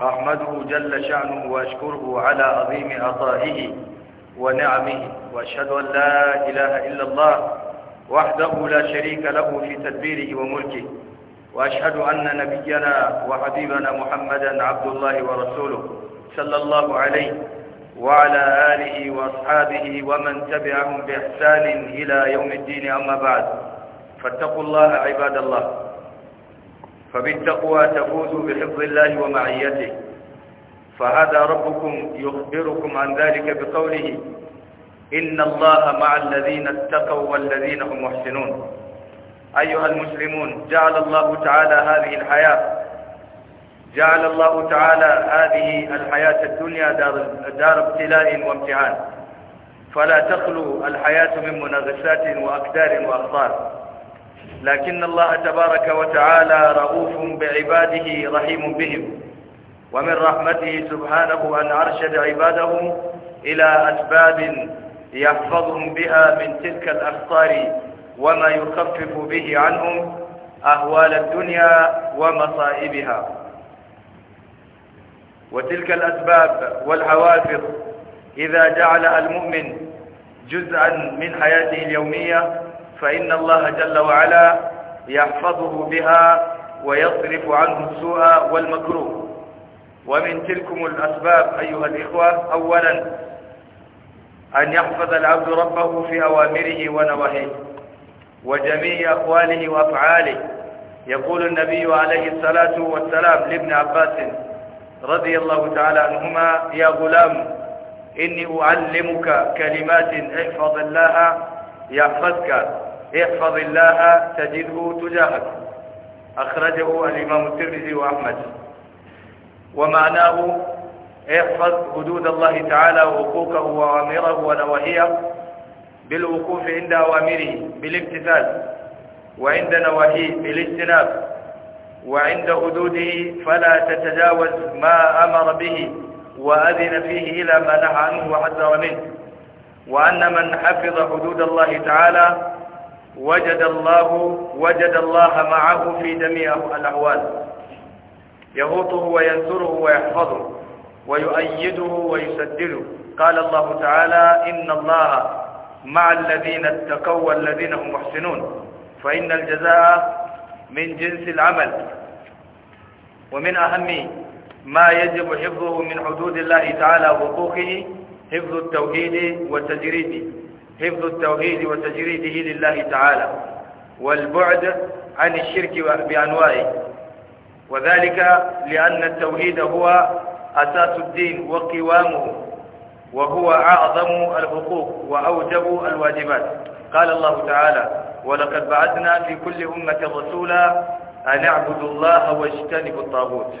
أحمده جل شأنه وأشكره على عظيم عطائه ونعمه وأشهد أن لا إله إلا الله وحده لا شريك له في تدبيره وملكه وأشهد أن نبينا وحبيبنا محمدا عبد الله ورسوله صلى الله عليه وعلى آله وأصحابه ومن تبعهم بإحسان إلى يوم الدين أما بعد فاتقوا الله عباد الله فبالتقوى تفوزوا بحفظ الله ومعيته فهذا ربكم يخبركم عن ذلك بقوله إن الله مع الذين اتقوا والذين هم محسنون أيها المسلمون جعل الله تعالى هذه الحياة جعل الله تعالى هذه الحياة الدنيا دار, دار ابتلاء وامتحان فلا تخلو الحياة من منغسات وأكدار وأخطار لكن الله تبارك وتعالى رؤوف بعباده رحيم بهم ومن رحمته سبحانه أن أرشد عباده إلى أسباب يحفظهم بها من تلك الأخطار وما يخفف به عنهم أهوال الدنيا ومصائبها وتلك الأسباب والحوافظ إذا جعل المؤمن جزءا من حياته اليومية فإن الله جل وعلا يحفظه بها ويصرف عنه السوء والمكروه ومن تلكم الأسباب أيها الإخوة أولا أن يحفظ العبد ربه في أوامره ونواهيه وجميع أقواله وأفعاله يقول النبي عليه الصلاة والسلام لابن عباس رضي الله تعالى عنهما يا غلام إني أعلمك كلمات احفظ الله يحفظك احفظ الله تجده تجاهك أخرجه الإمام الترمذي وأحمد ومعناه احفظ حدود الله تعالى وحقوقه وأوامره ونواهيه بالوقوف عند أوامره بالامتثال وعند نواهيه بالاجتناب وعند حدوده فلا تتجاوز ما أمر به وأذن فيه إلى ما نهى عنه وحذر منه وأن من حفظ حدود الله تعالى وجد الله وجد الله معه في جميع الأحوال يهوطه وينصره ويحفظه ويؤيده ويسدده قال الله تعالى إن الله مع الذين اتقوا والذين هم محسنون فإن الجزاء من جنس العمل ومن أهم ما يجب حفظه من حدود الله تعالى وحقوقه حفظ التوحيد والتجريد حفظ التوحيد وتجريده لله تعالى والبعد عن الشرك بأنواعه وذلك لأن التوحيد هو أساس الدين وقوامه وهو أعظم الحقوق وأوجب الواجبات قال الله تعالى ولقد بعثنا في كل أمة رسولا أن اعبدوا الله واجتنبوا الطاغوت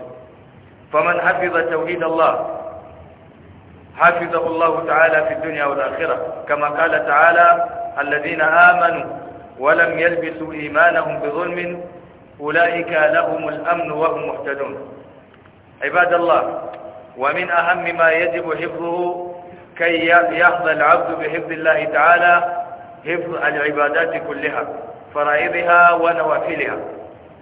فمن حفظ توحيد الله حفظه الله تعالى في الدنيا والآخرة كما قال تعالى الذين آمنوا ولم يلبسوا إيمانهم بظلم أولئك لهم الأمن وهم مهتدون عباد الله ومن أهم ما يجب حفظه كي يحظى العبد بحفظ الله تعالى حفظ العبادات كلها فرائضها ونوافلها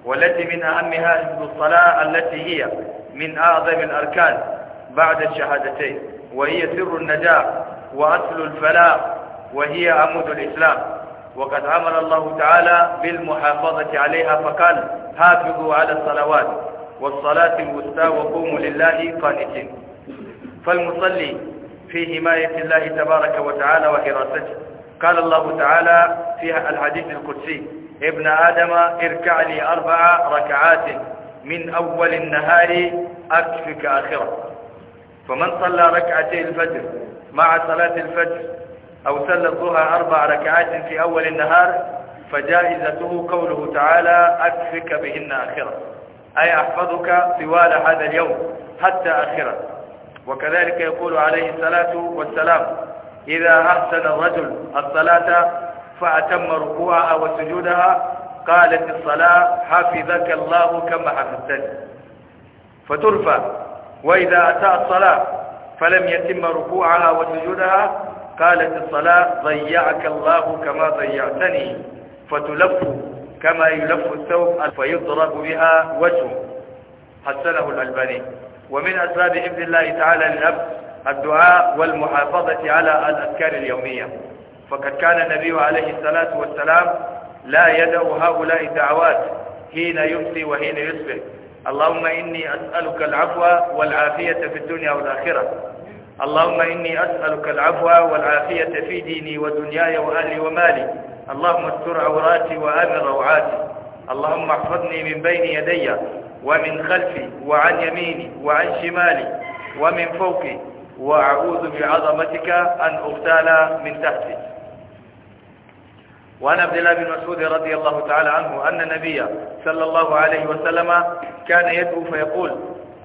والتي من أهمها حفظ الصلاة التي هي من أعظم الأركان بعد الشهادتين وهي سر النجاة وأصل الفلاح وهي عمود الإسلام وقد عمل الله تعالى بالمحافظة عليها فقال حافظوا على الصلوات والصلاة الوسطى وقوموا لله قانتين فالمصلي في حماية الله تبارك وتعالى وحراسته قال الله تعالى في الحديث القدسي ابن آدم اركع لي أربع ركعات من أول النهار أكفك آخرة فمن صلى ركعتي الفجر مع صلاة الفجر أو صلى الظهر أربع ركعات في أول النهار فجائزته قوله تعالى أكفك بهن آخرة أي أحفظك طوال هذا اليوم حتى آخرة وكذلك يقول عليه الصلاة والسلام إذا أحسن الرجل الصلاة فأتم ركوعها وسجودها قالت الصلاة حفظك الله كما حفظتني فترفع وإذا أتى الصلاة فلم يتم ركوعها وسجودها قالت الصلاة ضيعك الله كما ضيعتني فتلف كما يلف الثوب فيضرب بها وجهه حسنه الألباني ومن أسباب حفظ الله تعالى للأب الدعاء والمحافظة على الأذكار اليومية فقد كان النبي عليه الصلاة والسلام لا يدعو هؤلاء الدعوات حين يمسي وحين يصبح اللهم إني أسألك العفو والعافية في الدنيا والآخرة اللهم إني أسألك العفو والعافية في ديني ودنياي وأهلي ومالي اللهم استر عوراتي وآمن روعاتي اللهم احفظني من بين يدي ومن خلفي وعن يميني وعن شمالي ومن فوقي وأعوذ بعظمتك أن أغتال من تحتي وعن عبد الله بن مسعود رضي الله تعالى عنه أن النبي صلى الله عليه وسلم كان يدعو فيقول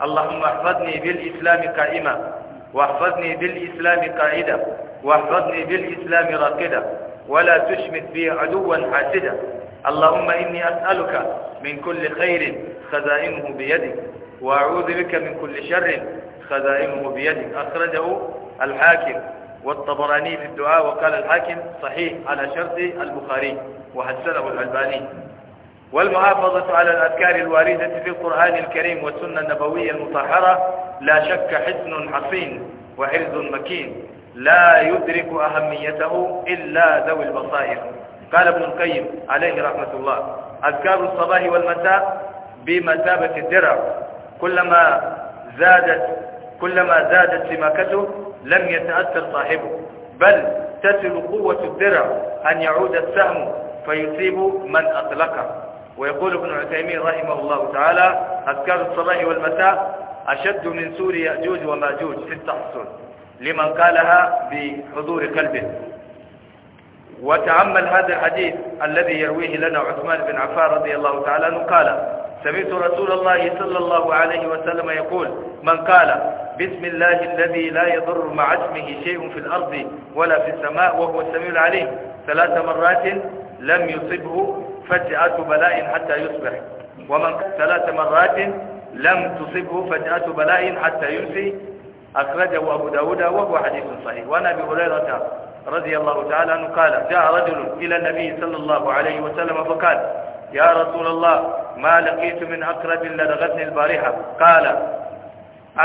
اللهم احفظني بالإسلام قائمة واحفظني بالإسلام قاعدة واحفظني بالإسلام راقدة ولا تشمت بي عدوا حاسدا اللهم إني أسألك من كل خير خزائنه بيدك وأعوذ بك من كل شر خزائنه بيدك أخرجه الحاكم والطبراني في الدعاء وقال الحاكم صحيح على شرط البخاري وحسنه الألباني والمحافظة على الأذكار الواردة في القرآن الكريم والسنة النبوية المطهرة لا شك حسن حصين وحرز مكين لا يدرك أهميته إلا ذوي البصائر قال ابن القيم عليه رحمة الله أذكار الصباح والمساء بمثابة الدرع كلما زادت كلما زادت سماكته لم يتأثر صاحبه بل تسل قوة الدرع أن يعود السهم فيصيب من أطلقه ويقول ابن عثيمين رحمه الله تعالى أذكار الصباح والمساء أشد من سور يأجوج وماجوج في التحصن لمن قالها بحضور قلبه وتأمل هذا الحديث الذي يرويه لنا عثمان بن عفان رضي الله تعالى عنه قال سمعت رسول الله صلى الله عليه وسلم يقول من قال بسم الله الذي لا يضر مع اسمه شيء في الأرض ولا في السماء وهو السميع العليم ثلاث مرات لم يصبه فجأة بلاء حتى يصبح ومن ثلاث مرات لم تصبه فجأة بلاء حتى يمسي أخرجه أبو داود وهو حديث صحيح وأنا هريرة رضي الله تعالى عنه قال جاء رجل إلى النبي صلى الله عليه وسلم فقال يا رسول الله ما لقيت من أقرب لدغتني البارحة قال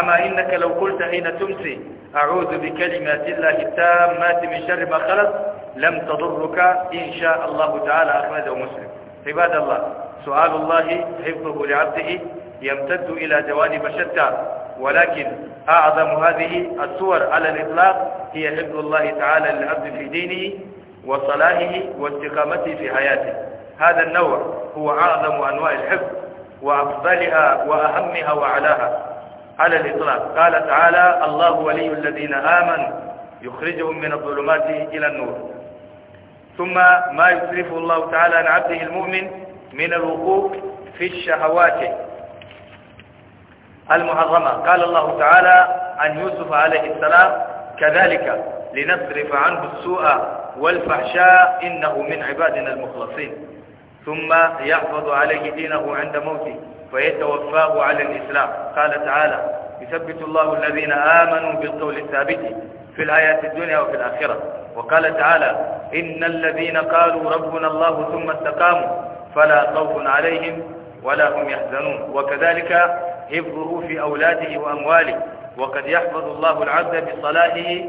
أما إنك لو قلت حين تمسي أعوذ بكلمات الله التامات من شر ما خلص لم تضرك إن شاء الله تعالى أخرجه مسلم عباد الله سؤال الله حفظه لعبده يمتد إلى جوانب شتى ولكن أعظم هذه الصور على الإطلاق هي حفظ الله تعالى للعبد في دينه وصلاحه واستقامته في حياته هذا النوع هو أعظم أنواع الحفظ وأفضلها وأهمها وعلاها على الإطلاق قال تعالى الله ولي الذين آمنوا يخرجهم من الظلمات إلى النور ثم ما يصرف الله تعالى عن عبده المؤمن من الوقوف في الشهوات المعظمة قال الله تعالى عن يوسف عليه السلام كذلك لنصرف عنه السوء والفحشاء إنه من عبادنا المخلصين ثم يحفظ عليه دينه عند موته فيتوفاه على الإسلام قال تعالى يثبت الله الذين آمنوا بالقول الثابت في الآيات الدنيا وفي الآخرة وقال تعالى إن الذين قالوا ربنا الله ثم استقاموا فلا خوف عليهم ولا هم يحزنون وكذلك حفظ في أولاده وأمواله وقد يحفظ الله العبد بصلاحه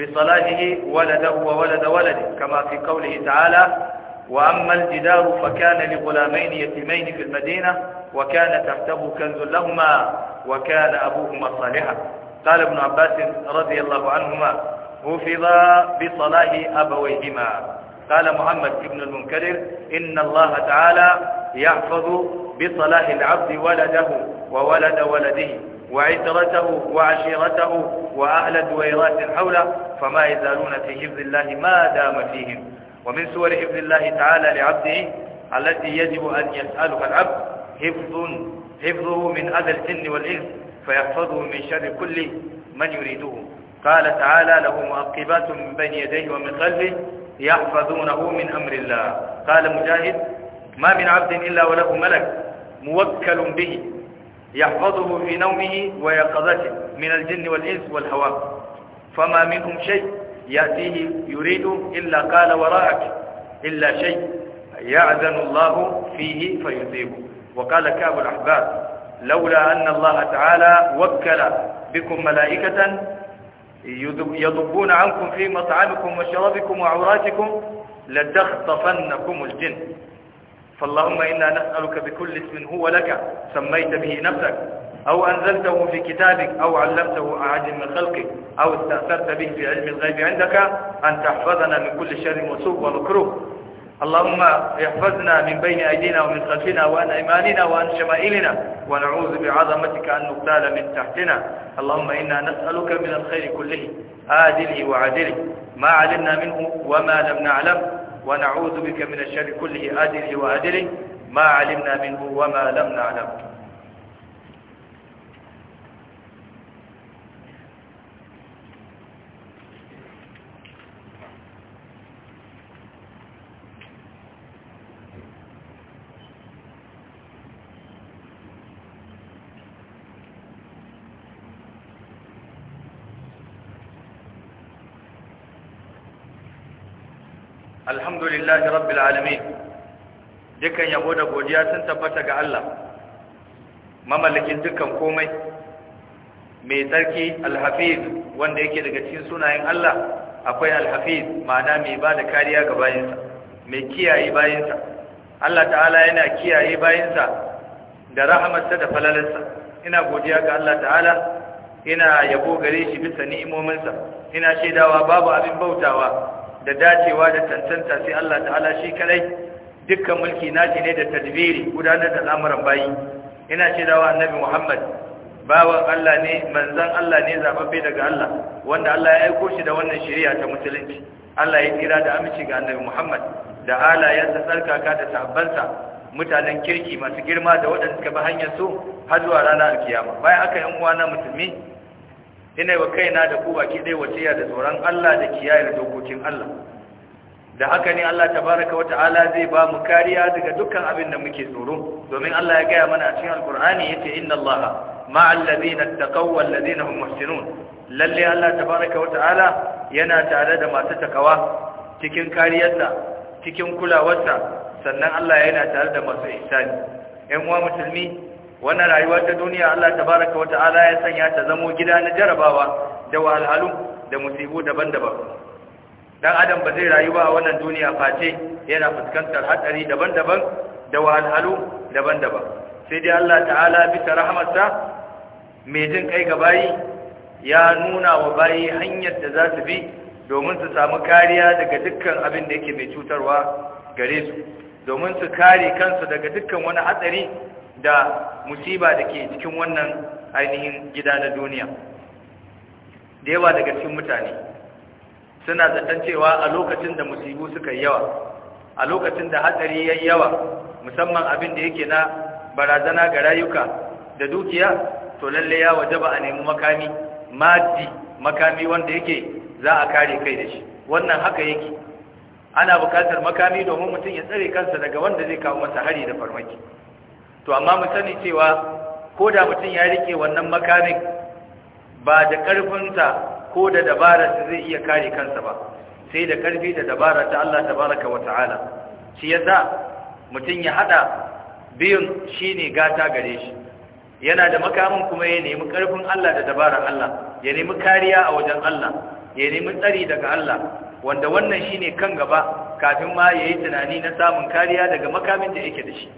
بصلاحه ولده وولد ولده كما في قوله تعالى وأما الجدار فكان لغلامين يتيمين في المدينة وكان تحته كنز لهما وكان أبوهما صالحا قال ابن عباس رضي الله عنهما حفظا بصلاه أبويهما قال محمد بن المنكر إن الله تعالى يحفظ بصلاح العبد ولده وولد ولده وعترته وعشيرته وأهل دويرات حوله فما يزالون في حفظ الله ما دام فيهم ومن سور حفظ الله تعالى لعبده التي يجب أن يسألها العبد حفظ حفظه من أذى الجن والإنس فيحفظه من شر كل من يريده قال تعالى له مؤقبات من بين يديه ومن خلفه يحفظونه من أمر الله قال مجاهد ما من عبد إلا وله ملك موكل به يحفظه في نومه ويقظته من الجن والإنس والهواء فما منهم شيء يأتيه يريد إلا قال وراءك إلا شيء يعذن الله فيه فيصيبه وقال كعب الأحباب لولا أن الله تعالى وكل بكم ملائكة يضبون عنكم في مطعمكم وشرابكم وعوراتكم لتخطفنكم الجن فاللهم إنا نسألك بكل اسم هو لك سميت به نفسك أو أنزلته في كتابك أو علمته أحد من خلقك أو استأثرت به في علم الغيب عندك أن تحفظنا من كل شر وسوء ومكروه اللهم احفظنا من بين أيدينا ومن خلفنا وعن أيماننا وعن شمائلنا ونعوذ بعظمتك أن نقتال من تحتنا اللهم إنا نسألك من الخير كله آدله وعدله ما علمنا منه وما لم نعلم ونعوذ بك من الشر كله آدله وآدله ما علمنا منه وما لم نعلم alhamdulillahi rabbil alamin dukan yabo da godiya sun tabbata ga Allah mamallakin dukan komai mai tsarki alhafiz wanda yake daga cikin sunayen Allah akwai alhafiz ma'ana mai ba da kariya ga bayinsa mai kiyaye bayinsa Allah ta'ala yana kiyaye bayinsa da rahamarsa da falalarsa ina godiya ga Allah ta'ala ina yabo gare shi bisa ni'imominsa ina shaidawa babu abin bautawa da dacewa da tantanta sai Allah ta'ala shi kadai dukkan mulki nashi ne da tadbiri gudanar da al'amuran bayi ina shaidawa annabi Muhammad bawan Allah ne manzon Allah ne zababbe daga Allah wanda Allah ya aika shi da wannan shari'a ta musulunci Allah ya kira da aminci ga annabi Muhammad da ya tsarka kaka da tabbansa mutanen kirki masu girma da waɗanda suka bi hanyar su har zuwa ranar alkiyama bayan aka yi uwa na musulmi ina wa kaina da ku baki dai wasiya da tsoron Allah da kiyaye dokokin Allah da haka ne Allah tabaraka wa ta'ala zai ba mu kariya daga dukkan abin da muke tsoro domin Allah ya gaya mana a cikin alkur'ani yace inna allaha ma'al ladina taqaw wal ladina hum muhsinun lalle Allah tabaraka wa ta'ala yana tare da masu takawa cikin kariyarsa cikin kulawarsa sannan Allah yana tare da masu ihsani ƴan uwa musulmi wannan rayuwa ta duniya Allah tabaraka wa ta'ala ya sanya ta zamo gida na jarabawa da wahalhalu da musibu daban-daban dan adam ba zai rayu ba a wannan duniya face yana fuskantar hatsari daban-daban da wahalhalu daban-daban sai dai Allah ta'ala bisa rahmatsa mai jin kai ga bayi ya nuna wa bayi hanyar da za su bi domin su samu kariya daga dukkan abin da yake mai cutarwa gare su domin su kare kansu daga dukkan wani hatsari da musiba da ke cikin wannan ainihin gida na duniya da yawa daga cikin mutane suna zaton cewa a lokacin da musibu suka yawa a lokacin da hatsari ya yawa musamman abin da yake na barazana ga rayuka da dukiya to lalle ya waje ba a nemi makami maddi makami wanda yake za a kare kai da shi wannan haka yake ana bukatar makami domin mutum ya tsare kansa daga wanda zai kawo masa hari da farmaki to amma mu sani cewa ko da mutum ya rike wannan makamin ba da ƙarfinsa ko da dabara su zai iya kare kansa ba sai da ƙarfi da dabara ta Allah tabaraka wa ta'ala shi yasa mutum ya hada biyun shine gata gare shi yana da makamin kuma ya nemi ƙarfin Allah da dabarar Allah ya nemi kariya a wajen Allah ya nemi tsari daga Allah wanda wannan shine kan gaba kafin ma yayi tunani na samun kariya daga makamin da yake da shi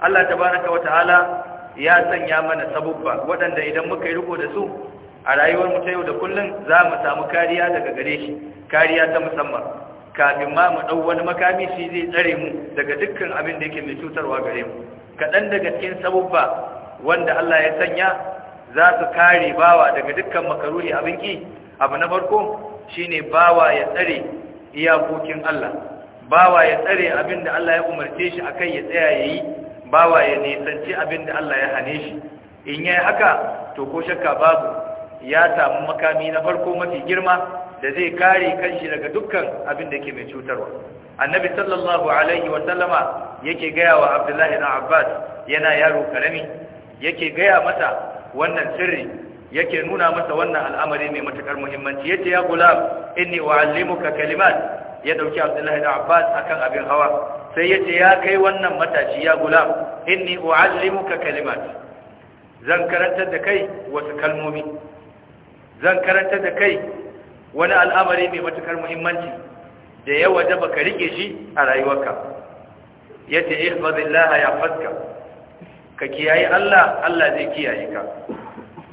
Allah tabaraka wataala ya sanya mana sabubba waɗanda idan muka yi riko da su a rayuwar mu ta yau da kullun za mu samu kariya daga gare shi kariya ta musamman kafin ma mu dau wani makami shi zai tsare mu daga dukkan abin da yake mai cutarwa gare mu kaɗan daga cikin sabubba wanda Allah ya sanya za su kare bawa daga dukkan makaruri abin ki abu na farko shine bawa ya tsare iyakokin Allah bawa ya tsare abin da Allah ya umarce shi akai ya tsaya yayi bawa ya nisanci abin da Allah ya hane shi in yayi haka to ko shakka babu ya samu makami na farko mafi girma da zai kare kanshi daga dukkan abin da ke mai cutarwa annabi sallallahu alaihi wa sallama yake gaya wa abdullahi ibn abbas yana yaro karami yake gaya masa wannan sirri yake nuna masa wannan al'amari mai matakar muhimmanci yace ya gulam inni uallimuka kalimat ya dauki abdullahi ibn abbas akan abin hawa sai ya ce ya kai wannan matashi ya gulam inni u'allimuka kalimat zan karanta da kai wasu kalmomi zan karanta da kai wani al'amari mai matukar muhimmanci da ya waje baka rike shi a rayuwarka yace ihfazillaha faska. ka kiyaye Allah Allah zai kiyaye ka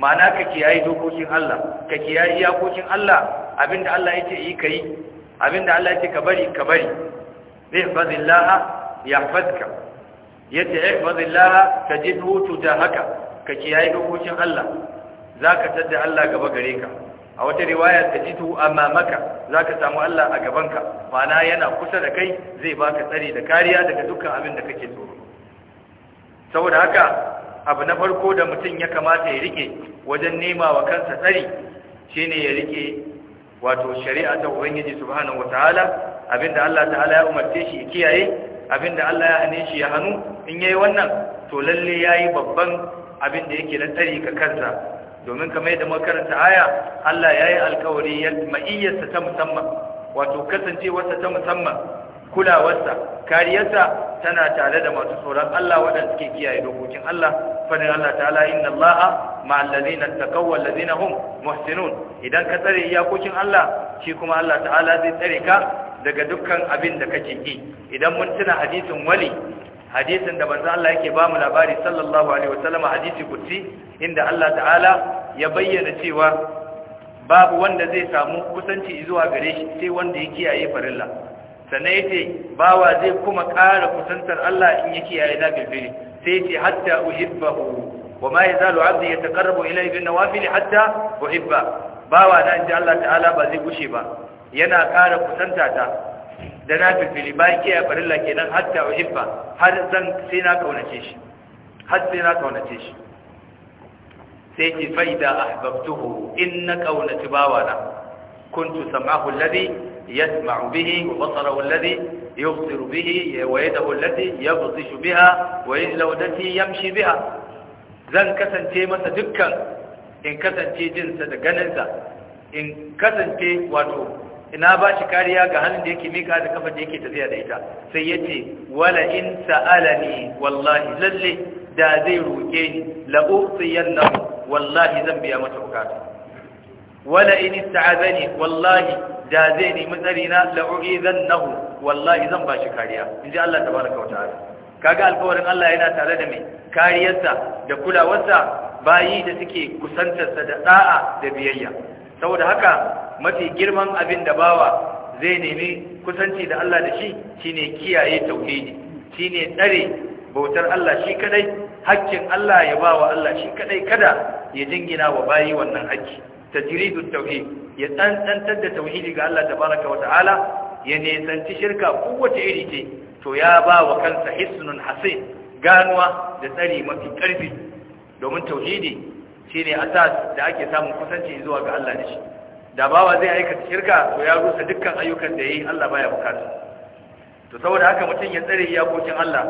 ma'ana ka kiyaye dokokin Allah ka kiyaye iyakokin Allah abinda Allah yake yi kai abinda Allah yake ka bari ka bari ihfazillaha yahfazka yace ihfazillaha tajidhu haka ka kiyaye dokokin Allah zaka tada Allah gaba gare ka a wata riwaya tajidu amamaka zaka samu Allah a gabanka mana yana kusa da kai zai baka tsari da kariya daga dukkan abin da kake tsoro saboda haka abu na farko da mutum ya kamata ya rike wajen nema wa kansa tsari shine ya rike wato shari'a ta Ubangiji subhanahu wataala abinda Allah ta'ala ya umarce shi kiyaye abinda Allah ya hane shi ya hannu in yayi wannan to lalle yayi babban abinda yake na tsari ka kansa domin kamar yadda muka karanta aya Allah yayi alkawari ya ma'iyyarsa ta musamman wato kasancewarsa ta musamman kulawarsa kariyarsa tana tare da masu tsoron Allah waɗanda suke kiyaye dokokin Allah fadin Allah ta'ala inna Allah ma'al ladina taqaw wal ladina hum muhsinun idan ka tsare iyakokin Allah shi kuma Allah ta'ala zai tsare ka daga dukkan abin da kake ki idan mun tuna hadisin wali hadisin da manzo Allah yake ba mu labari sallallahu alaihi wasallam hadisi kutsi inda Allah ta'ala ya bayyana cewa babu wanda zai samu kusanci zuwa gare shi sai wanda ya kiyaye farilla sannan yace bawa zai kuma ƙara kusantar Allah in ya kiyaye bilbili sai yace hatta uhibbahu wa ma yazalu 'abdi yataqarrabu ilayhi bin nawafil hatta uhibba bawa dan ji Allah ta'ala ba zai gushe ba yana ƙara kusanta ta da na fifili bayan kiyaye farilla nan hatta uhibba har zan sai na kaunace shi har sai na kaunace shi sai ce faida ahbabtuhu in na kaunaci bawana kuntu sam'ahu ya yasma'u bihi wa basarahu Ya yubsiru bihi ya wa yadahu allati yabtishu biha wa rijluhu allati yamshi biha zan kasance masa dukkan in kasance jinsa da ganinsa in kasance wato ina ba shi kariya ga hannun da yake mika da kafa da yake tafiya da ita sai ya ce wala in sa'alani wallahi lalle da zai roke ni la usiyannahu wallahi zan biya mata bukata wala in ne. wallahi da zai nemi tsari na la uizannahu wallahi zan ba shi kariya inji Allah tabaraka wa ta'ala kaga alƙawarin Allah yana tare da mai kariyarsa da kulawarsa bayi da suke kusantarsa da da'a da biyayya saboda haka mafi girman abin da bawa zai nemi kusanci da Allah da shi shine kiyaye tauhidi shine tsare bautar Allah shi kadai hakkin Allah ya bawa Allah shi kadai kada ya jingina wa bayi wannan hakki tajridu tauhid ya tsantantar da tauhidi ga Allah tabaraka wataala ya nesanci shirka kowace iri ce to ya ba wa kansa hisnun hasin ganuwa da tsari mafi karfi domin tauhidi shine asas da ake samun kusanci zuwa ga Allah da shi da bawa zai aikata shirka to ya rusa dukkan ayyukan da ya yi Allah baya bukata to saboda haka mutum ya tsare iyakokin Allah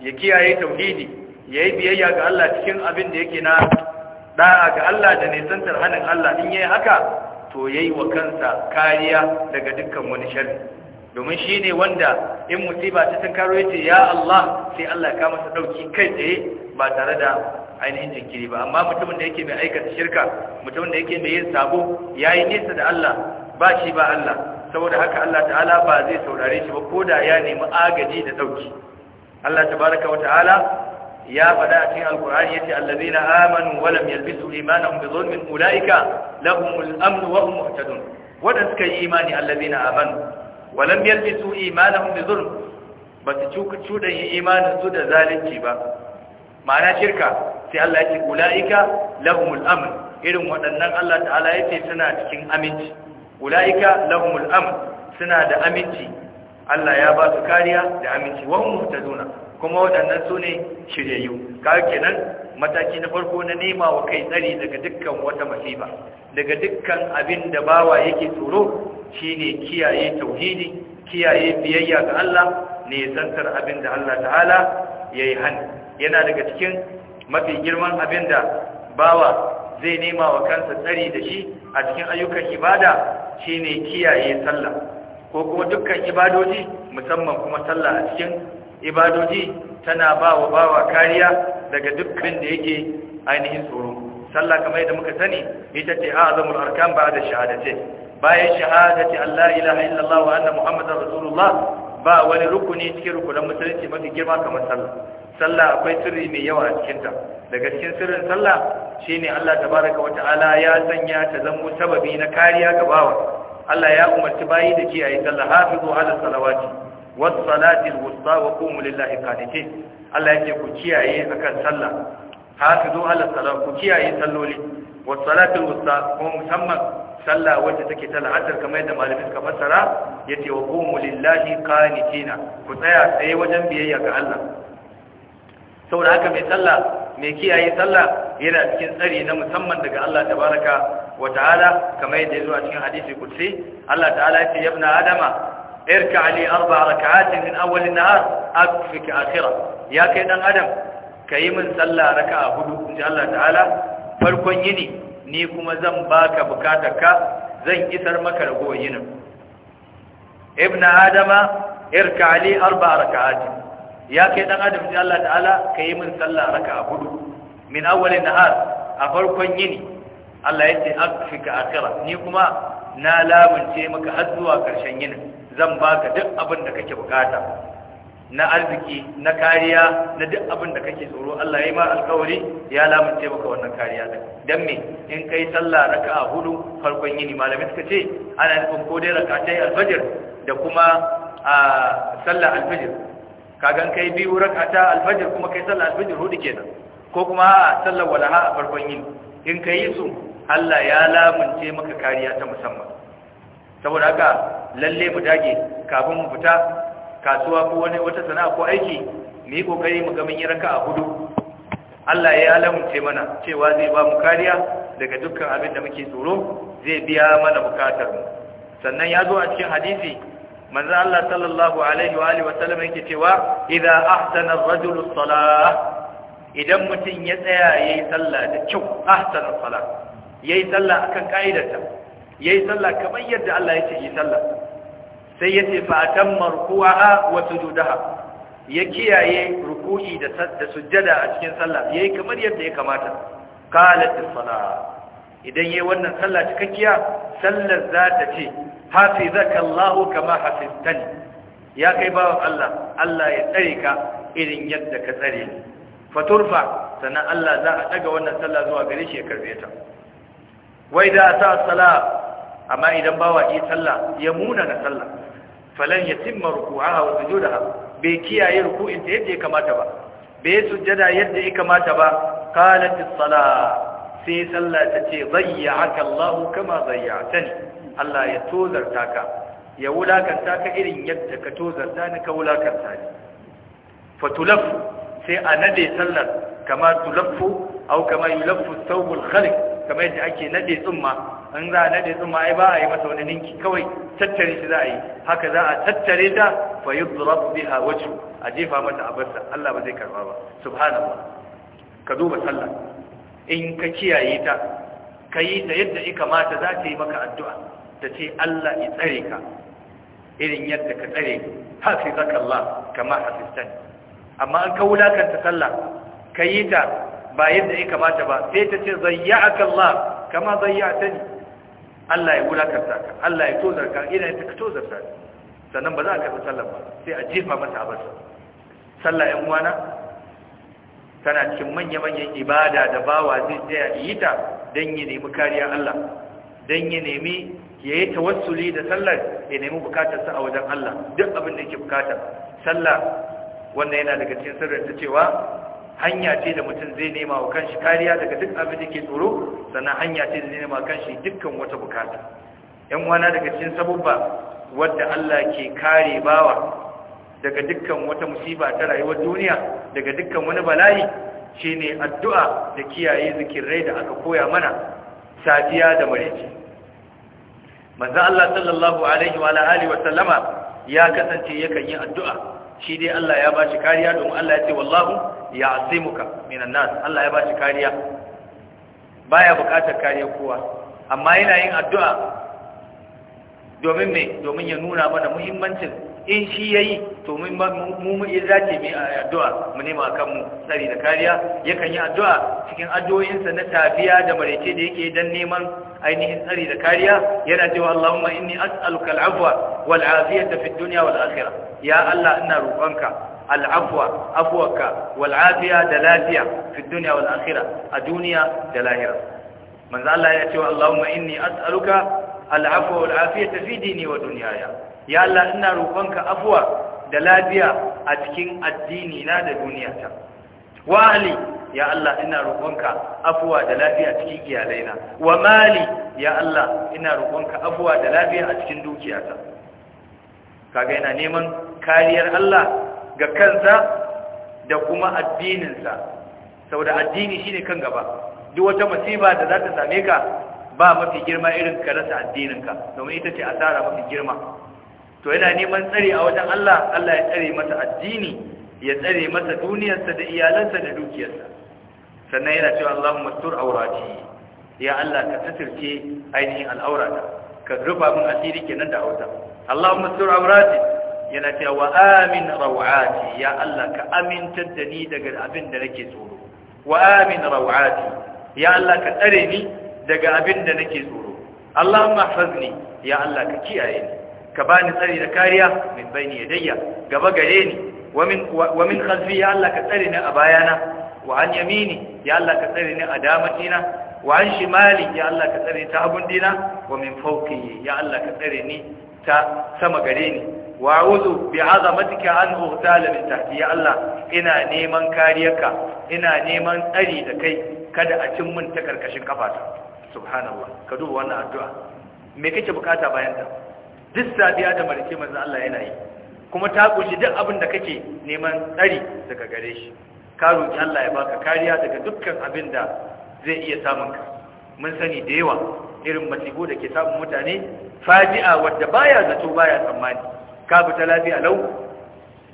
ya kiyaye tauhidi ya yi biyayya ga Allah cikin abin da yake na da'a ga Allah da nisantar hannun Allah in yi haka to ya yi wa kansa kariya daga dukkan wani sharri domin shi ne wanda in musiba ta tunkaro ya ce ya Allah sai Allah kama su ɗauki kai tsaye ba tare da ainihin jinkiri ba amma mutumin da yake mai aikata shirka mutumin da yake mai yin sabo ya yi nesa da Allah ba shi ba Allah saboda haka Allah ta'ala ba zai saurare shi ba ko da ya nemi agaji da ɗauki Allah tabaraka wa ta'ala ya faɗa a cikin alkur'ani ce, allazina amanu wa lam yalbisu imanahum bi dhulmin ulaika lahumul amn wa hum muhtadun suka yi imani allazina amanu walam yalbisu imanahum bi zulm ba su cudan imanin su da zalunci ba ma'ana shirka sai Allah ya ce ulaika lahumul amn irin waɗannan Allah ta'ala ya ce suna cikin aminci ulaika lahumul amn suna da aminci Allah ya ba su kariya da aminci wa hum muhtaduna kuma waɗannan su ne shiryayyu kaga kenan mataki na farko na nema wa kai tsari daga dukkan wata masifa daga dukkan abin da bawa yake tsoro Shi ne kiyaye tauhidi kiyaye biyayya ga Allah ne zantar abin da Allah ta'ala yi hannu. yana daga cikin mafi girman abin da bawa zai nema wa kansa tsari da shi a cikin ayyukan ibada shi ne kiyaye sallah ko kuma dukkan ibadoji musamman kuma sallah a cikin ibadoji tana ba wa bawa kariya daga dukkan da yake ainihin tsoro sallah kamar yadda muka sani ita ce a'zamul arkan ba da shahadatai bayan shahadati Allah ilaha illallah wa anna muhammadar rasulullah ba wani rukuni cikin rukunan musulunci mafi girma kamar sallah sallah akwai sirri mai yawa a cikinta daga cikin sirrin sallah shine Allah tabaraka wa ta'ala ya sanya ta zama sababi na kariya ga bawa Allah ya umarci bayi da kiyaye sallah hafizu ala salawati was salati al-wusta wa qumu lillahi qanitin Allah yake ku kiyaye akan sallah hafizu ala salat ku kiyaye salloli wa salatul wusta kuma musamman sallah wacce take ta la'adar kamar yadda malamin suka fassara yace wa qumu lillahi qanitina ku tsaya tsaye wajen biyayya ga Allah saboda haka mai sallah mai kiyaye sallah yana cikin tsari na musamman daga Allah tabaraka wa ta'ala kamar yadda ya zo a cikin hadisi kutsi Allah ta'ala ya ce ya ibn adama irka ali arba rak'atin min awwal an-nahar akfika akhirah ya kai dan adam ka yi min sallah raka a hudu in Allah ta'ala farkon yini ni kuma zan baka ka zan isar maka ragowar yinin ibn adama irka ali arba Ati, ya kai dan adam ji Allah ta'ala ka yi min sallah raka a hudu min awwalin nahar a farkon yini Allah ya ce akfika akhira ni kuma na lamunce maka har zuwa karshen yinin zan baka duk abin da kake bukata na arziki na kariya na duk abin da kake tsoro Allah ya yi ma alkawari ya lamunce maka wannan kariya da dan me in kai sallah raka'a hudu farkon yini malamai suka ce ana nufin ko dai rakatai alfajir da kuma a sallah alfajir kagan kai biyu rakata alfajir kuma kai sallah alfajir hudu kenan ko kuma a sallar walaha a farkon yini in kai su Allah ya lamunce maka kariya ta musamman saboda haka lalle mu dage kafin mu fita kasuwa ko wani wata sana'a ko aiki mu yi kokari mu ga mun yi raka'a hudu Allah ya alamce mana cewa zai ba mu kariya daga dukkan abin da muke tsoro zai biya mana bukatar mu sannan ya zo a cikin hadisi manzo Allah sallallahu alaihi wa alihi wa sallam yake cewa idza ahsana ar-rajulu as-salah idan mutum ya tsaya yayi sallah da kyau ahsana as-salah yayi sallah akan kaidarta yayi sallah kamar yadda Allah yake yi sallah sai yace fa atamma ruku'aha wa sujudaha ya kiyaye ruku'i da da sujjada a cikin sallah yayi kamar yadda ya kamata qalat as-salah idan yayi wannan sallah cikakkiya sallar za ta ce hafizaka Allah kama hafiztani ya kai bawan Allah Allah ya tsare ka irin yadda ka tsare ni faturfa sannan Allah za a daga wannan sallah zuwa gare shi ya karbe ta wai da sa salah amma idan bawa yi sallah ya muna na sallah falan yatimma ruku'aha wa sujudaha bai kiyaye ruku'in ta yadda ya kamata ba bai sujjada yadda ya kamata ba qalat as-salah sai sallah ta ce zayyaka Allah kama zayyatani Allah ya tozarta ka ya wulakanta ka irin yadda ka tozarta ni ka wulakanta ni fatulaf sai a nade sallar kama tulaffu au kama yulaffu thawbul khaliq kamar yadda ake nade tsumma in za a nade tsumma ai ba a yi masa wani ninki kawai tattare shi za a yi haka za a tattare ta fa yi biha wajhu a jefa mata abarsa Allah ba zai karba ba subhanallah ka duba sallah in ka kiyaye ta Ka yi da yadda ya kamata za ta yi maka addu'a ta ce Allah ya tsare ka irin yadda ka tsare hafi hafizakallah kamar hafiztani amma an ka wulakanta sallah ka yi ta ba yadda ya kamata ba sai ta ce zayya'aka Allah kama zayya'tani Allah ya wulakanta Allah ya ka ina ta sannan ba za a karɓi sallar ba sai a jefa a abarsa sallah yan uwana tana cikin manya-manyan ibada da bawa zai tsaya yi ta don ya nemi kariya Allah don ya nemi ya yi tawassuli da sallar ya nemi bukatarsa a wajen Allah duk abin da yake bukata sallah wannan yana daga cikin sirrin ta cewa hanya ce da mutum zai nema wa kanshi kariya daga duk abin da ke tsoro sannan hanya ce da zai nema kanshi dukkan wata bukata yan wana daga cikin sababba wadda Allah ke kare bawa daga dukkan wata musiba ta rayuwar duniya daga dukkan wani bala'i shine addu'a da kiyaye rai da aka koya mana safiya da mareci manzo Allah sallallahu alaihi wa alihi wa sallama ya kasance yakan yi addu'a shi dai Allah ya bashi kariya domin Allah ya ce wallahu ya asimuka minan nas Allah ya bashi kariya baya bukatar kariya kowa amma yana yin addu'a domin me domin ya nuna mana muhimmancin in shi yayi to mun mu ya zace mu addu'a mu nema akan mu tsari da kariya yakan yi addu'a cikin addu'o'insa na tafiya da marece da yake dan neman ainihin tsari da kariya yana cewa Allahumma inni as'aluka al-afwa wal afiyata fid dunya wal akhirah ya Allah ina roƙonka al'afwa afwaka wal da lafiya fi dunya wal akhirah a duniya da lahira manzo Allah ya ce wa Allahumma inni as'aluka al'afwa wal ta fi dini wa dunyaya ya Allah ina roƙonka afwa da lafiya a cikin addini na da duniyata wa ali ya Allah ina roƙonka afuwa da lafiya a cikin iyalaina wa mali ya Allah ina roƙonka afuwa da lafiya a cikin dukiyata kaga yana neman kariyar Allah ga kansa da kuma addininsa saboda addini shine kan gaba duk wata masiba da za ta same ka ba mafi girma irin ka rasa addininka domin ita ce asara mafi girma to yana neman tsare a wajen Allah Allah ya tsare masa addini ya tsare masa duniyarsa da iyalansa da dukiyarsa sannan yana cewa Allahumma tur awrati ya Allah ka tsirce ainihin al'aurata ka rufa min asiri kenan da hauta. Allahumma tur awrati yana cewa wa amin rawati ya Allah ka amintar da ni daga abin da nake tsoro wa amin rawati ya Allah ka tsare ni daga abin da nake tsoro Allahumma hafizni ya Allah ka kiyaye ni ka bani tsari da kariya min baini yadayya gaba gare ni wa min wa min khalfi ya Allah ka tsare ni a bayana wa an yamini ya Allah ka tsare ni a damatina wa an shimali ya Allah ka tsare ta abun dina wa min fawqi ya Allah ka tsare ni ta sama gare ni wa a'udhu bi 'azamatika an uhtala min tahti ya Allah ina neman kariyarka ina neman tsari da kai kada a cin mun ta karkashin kafata subhanallah ka duba wannan addu'a me kake bukata bayan ta duk safiya da marke manzo Allah yana yi kuma ta kushi duk abin da kake neman tsari daga gare shi ka roki Allah ya baka kariya daga dukkan abin da zai iya samun ka mun sani da yawa irin masibo da ke samun mutane faji'a wadda baya zato baya tsammani ka ta lafiya lau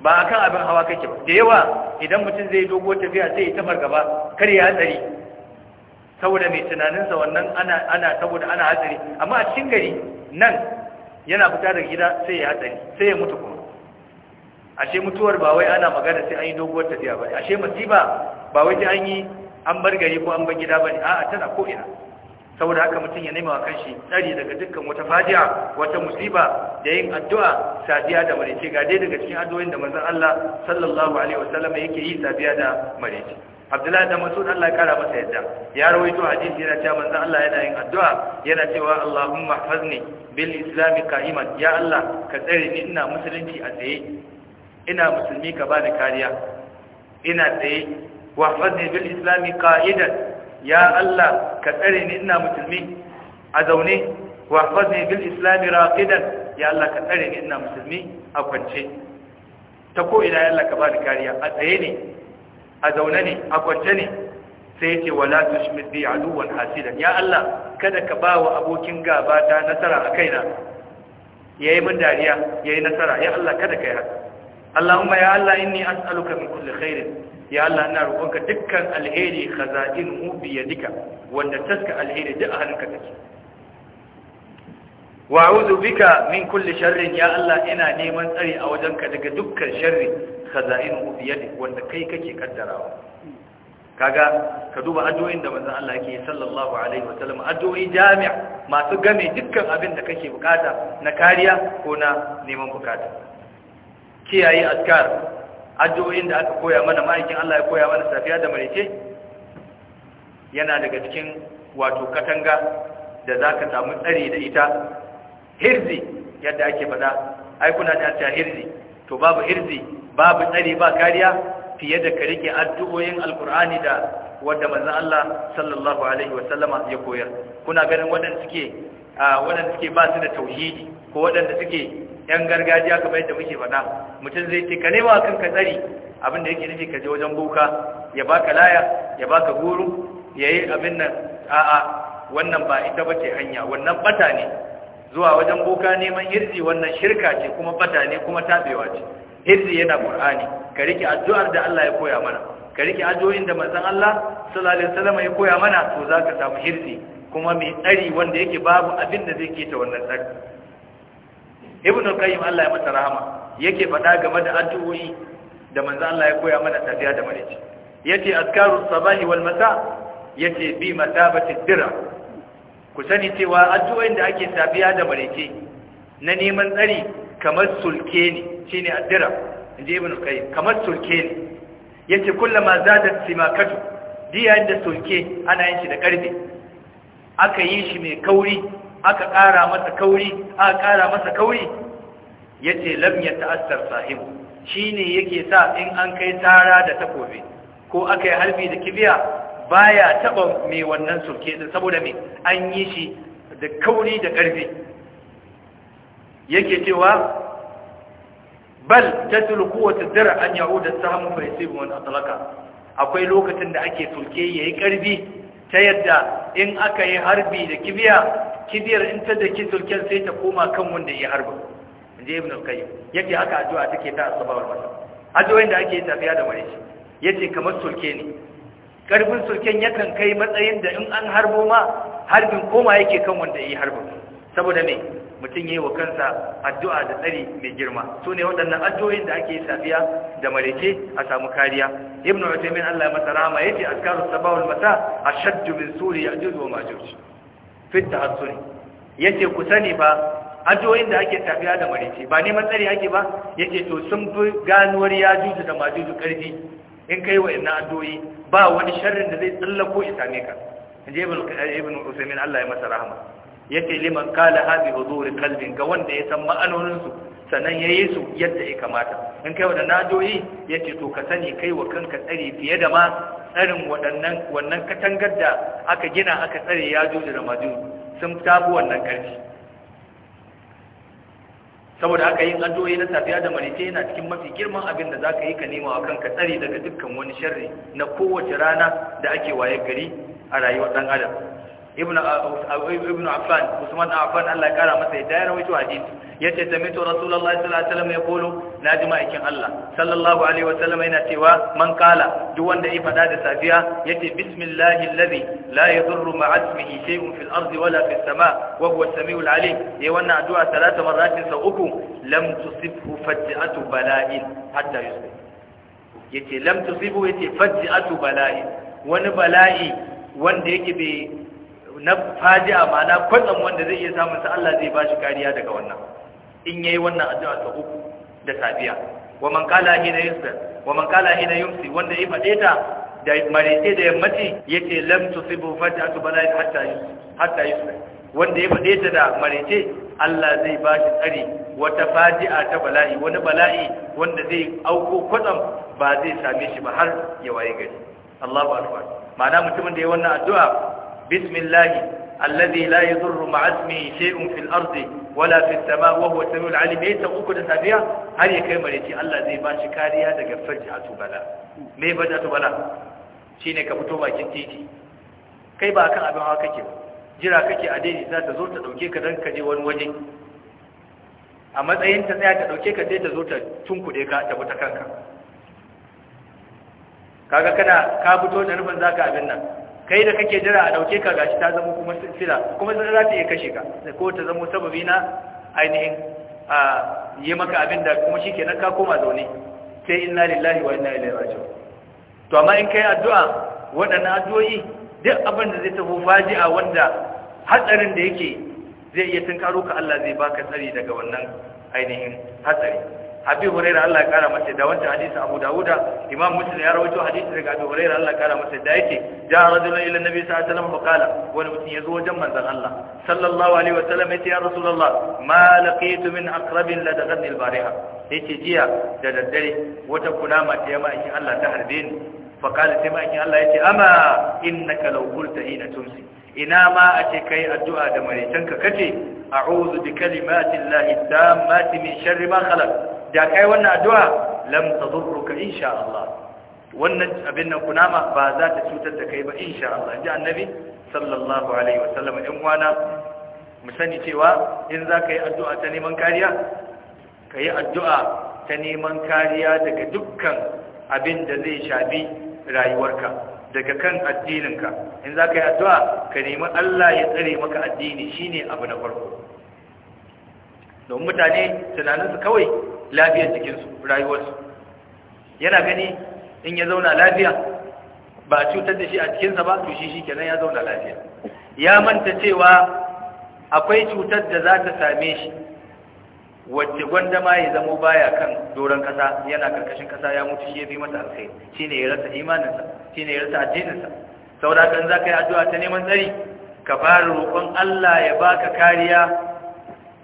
ba a kan abin hawa kake ba da yawa idan mutum zai dogo tafiya sai ya tamar gaba kar ya hatsari saboda mai tunaninsa wannan ana saboda ana hatsari amma a cikin gari nan yana fita daga gida sai ya hatsari sai ya mutu kuma ashe mutuwar ba wai ana magana sai an yi doguwar tafiya ba ashe masiba ba wai an yi an bar gari ko an bar gida ba ne a'a tana ko ina saboda haka mutum ya nema kanshi tsari daga dukkan wata fajiya wata musiba da yin addu'a safiya da marece ga dai daga cikin addu'o'in da manzon Allah sallallahu alaihi wasallam yake yi safiya da marece Abdullahi da Mas'ud Allah kara masa yadda ya rawaito hadisi yana cewa manzon Allah yana yin addu'a yana cewa Allahumma hafazni bil islam qa'iman ya Allah ka tsare ni ina musulunci a tsaye ina musulmi ka bani kariya ina tsaye wa hafazni bil islam qa'idan ya Allah ka tsare ni ina musulmi a zaune wa hafazni bil islam raqidan ya Allah ka tsare ni ina musulmi a kwance ta ko ina ya Allah ka bani kariya a tsaye ne a zaune ne a kwance ne sai yace wala tushmit bi aduwan hasidan ya Allah kada ka ba wa abokin gaba ta nasara a kaina yayi min dariya yayi nasara ya Allah kada kai haka Allahumma ya Allah inni as'aluka min kulli khairin ya Allah ina roƙonka dukkan alheri khaza'in mu biyadika wanda taska alheri duk a hannunka take wa a'udhu bika min kulli sharrin ya Allah ina neman tsari a wajenka daga dukkan sharri khaza'in mu biyadik wanda kai kake kaddarawa kaga ka duba addu'o'in da manzon Allah yake sallallahu alaihi wa sallam addu'o'i jami'a masu game dukkan abin da kake bukata na kariya ko na neman bukata kiyaye azkar addu'o'in da aka koya mana ma'aikin Allah ya koya mana safiya da marece yana daga cikin wato katanga da za ka samu tsari da ita hirzi yadda ake faɗa ai kuna da ta hirzi to babu hirzi babu tsari ba kariya fiye da ka rike addu'o'in alkur'ani da wanda manzon Allah sallallahu alaihi wasallama ya koyar kuna ganin waɗanda suke waɗanda suke ba su da tauhidi ko waɗanda suke yan gargajiya kamar yadda muke faɗa mutum zai ce ka nema kanka tsari abin da yake nufi ka je wajen buka ya baka laya ya baka guru yayi abin nan a'a wannan ba ita bace hanya wannan bata ne zuwa wajen buka neman hirzi wannan shirka ce kuma bata ne kuma tabewa ce hirzi yana qur'ani ka rike addu'ar da Allah ya koya mana ka rike addu'o'in da manzon Allah sallallahu alaihi wasallam ya koya mana to zaka samu hirzi kuma mai tsari wanda yake babu abin da zai keta wannan tsari ibnu qayyim Allah ya masa rahama yake faɗa game da addu'o'i da manzo Allah ya koya mana tafiya da mareci yace azkarus sabahi wal masa yace bi matabati dira ku sani cewa addu'o'in da ake tafiya da mareci na neman tsari kamar sulke ne shine addira inji ibnu qayyim kamar sulke ne yace kullama zadat simakatu diya da sulke ana yin shi da karfi aka yi shi mai kauri aka ƙara masa kauri aka ƙara masa kauri ya ce lam ya ta'assar sahibu shi ne yake sa in an kai tara da takobi ko aka yi harbi da kibiya baya taba mai wannan sulke din saboda mai an yi shi da kauri da ƙarfi yake cewa bal tatul quwwatu dar an da sahamu fa yasibu man atlaka akwai lokacin da ake sulke yayi ƙarfi? ta yadda in aka yi harbi da kibiya kibiyar in ta daki sulken sai ta koma kan wanda ya harba inda ibn al-qayyim yake haka addu'a take ta asabawar masa addu'o'in da ake tafiya da wani yace kamar sulke ne karfin sulken yakan kai matsayin da in an harbo ma harbin koma yake kan wanda ya harba saboda me mutum yi wa kansa addu'a da tsari mai girma ne waɗannan addu'o'in da ake safiya da mareke a samu kariya Ibn utaymin Allah ya masa ya yace a sabah sabawar mata a min suri ya'juj wa ma'juj fi ya yace ku sani ba addu'o'in da ake safiya da mareke ba neman tsari ake ba yace to sun fi ganuwar ya'juj da ma'juj ƙarfi in kai wa ina addu'o'i ba wani sharrin da zai tsallako ya same ka ibn ibn Allah ya masa rahama yake liman kala hadhi huzuri qalbin ga wanda ya san ma'anonin su sannan yayi su yadda ya kamata in kai wadannan adoyi yace to ka sani kai wa kanka tsari fiye da ma tsarin waɗannan wannan katangar da aka gina aka tsare ya juju da majun sun tafi wannan karfi saboda aka yi addu'o'i na safiya da marite yana cikin mafi girman abin da za ka yi ka nema wa kanka tsari daga dukkan wani sharri na kowace rana da ake waye gari a rayuwar dan adam ibnu uh, uh, ibnu affan usman affan Allah ya kara masa ya dai rawaito hadisi yace sami'tu rasulullahi sallallahu alaihi wasallam bolo naji ma'aikin Allah sallallahu alaihi wasallam yana cewa man kala duk wanda ya fada da safiya yace bismillahi alladhi la yadurru ma'a ismihi shay'un fil ardi wala fis sama' wa huwa as-sami'ul 'alim yayi wannan addu'a talata marratin sau uku lam tusibhu faj'atu bala'in hatta yusbih yace lam tusibu yace faj'atu bala'in wani bala'i wanda yake bai na faji'a ma'ana kwatsam wanda zai iya samun sa Allah zai bashi kariya daga wannan in ya yi wannan addu'a ta uku da safiya wa man qala hina yusra wa man qala na yumsi wanda ya faɗe ta da marece da yammaci yace lam tusibu fatatu bala hatta hatta yusra wanda ya faɗe ta da marece Allah zai bashi tsari wata faji'a ta bala'i wani bala'i wanda zai auko kwatsam ba zai same shi ba har ya waye gari Allahu akbar ma'ana mutumin da ya wannan addu'a بسم الله الذي لا يضر مع اسمه شيء في الأرض ولا في السماء وهو السميع العليم ايه تقوكو da har ya kai mareci Allah zai ba shi kariya daga faj'atu bala me faj'atu bala shine ka fito bakin titi kai ba akan abin hawa kake jira kake a daidai za ta zo ta ka wani waje a matsayin ta tsaya ta dauke ka sai ta zo ta tunkude ka ta kanka kaga kana ka fito da rufin zaka abin nan kai da kake jira a dauke ka gashi ta zama kuma silsila kuma sai za ta iya kashe ka ko ta zama sababi na ainihin a yi maka abin da kuma shi kenan ka koma zaune sai inna lillahi wa inna ilaihi raji'un to amma in kai addu'a waɗannan addu'o'i duk abin da zai taho faji'a wanda hatsarin da yake zai iya tunkaro ka Allah zai baka tsari daga wannan ainihin hatsari abi hurairah Allah ya kara masa da wancan hadisi Abu Dawuda Imam Muslim ya rawaito hadisi daga Abi hurairah Allah ya kara masa da yake ja rajulun ila nabi sallallahu alaihi wasallam faqala wani mutum yazo wajen manzon Allah sallallahu alaihi wasallam yace ya rasulullah ma laqitu min aqrabin la daghni al-bariha yace jiya da daddare wata kunama ta yamma akin Allah ta harbe ni faqala sai ma akin Allah yace ama innaka law qulta hina tumsi ina ma a ce kai addu'a da maretanka kace a'udhu bi kalimati llahi tammati min sharri ma khalaq da kai wannan addu'a lam tadurruka insha Allah wannan abin nan kunama ba za ta cutar da kai ba insha Allah inji annabi sallallahu alaihi wasallam in wana mu sani cewa in za ka yi addu'a ta neman kariya ka yi addu'a ta neman kariya daga dukkan abin da zai shafi rayuwarka daga kan addininka in za ka yi addu'a ka nemi Allah ya tsare maka addini shine abu na farko don mutane tunaninsu kawai lafiyar jikinsu rayuwarsu yana gani in ya zauna lafiya ba cutar da shi a cikinsa ba to shi shi kenan ya zauna lafiya ya manta cewa akwai cutar da za ta same shi wacce gwanda ma ya zamo baya kan doron kasa yana karkashin kasa ya mutu shi ya fi mata shi ne ya rasa imaninsa ne ya rasa addininsa saboda kan za ka yi addu'a ta neman tsari ka fara roƙon Allah ya baka kariya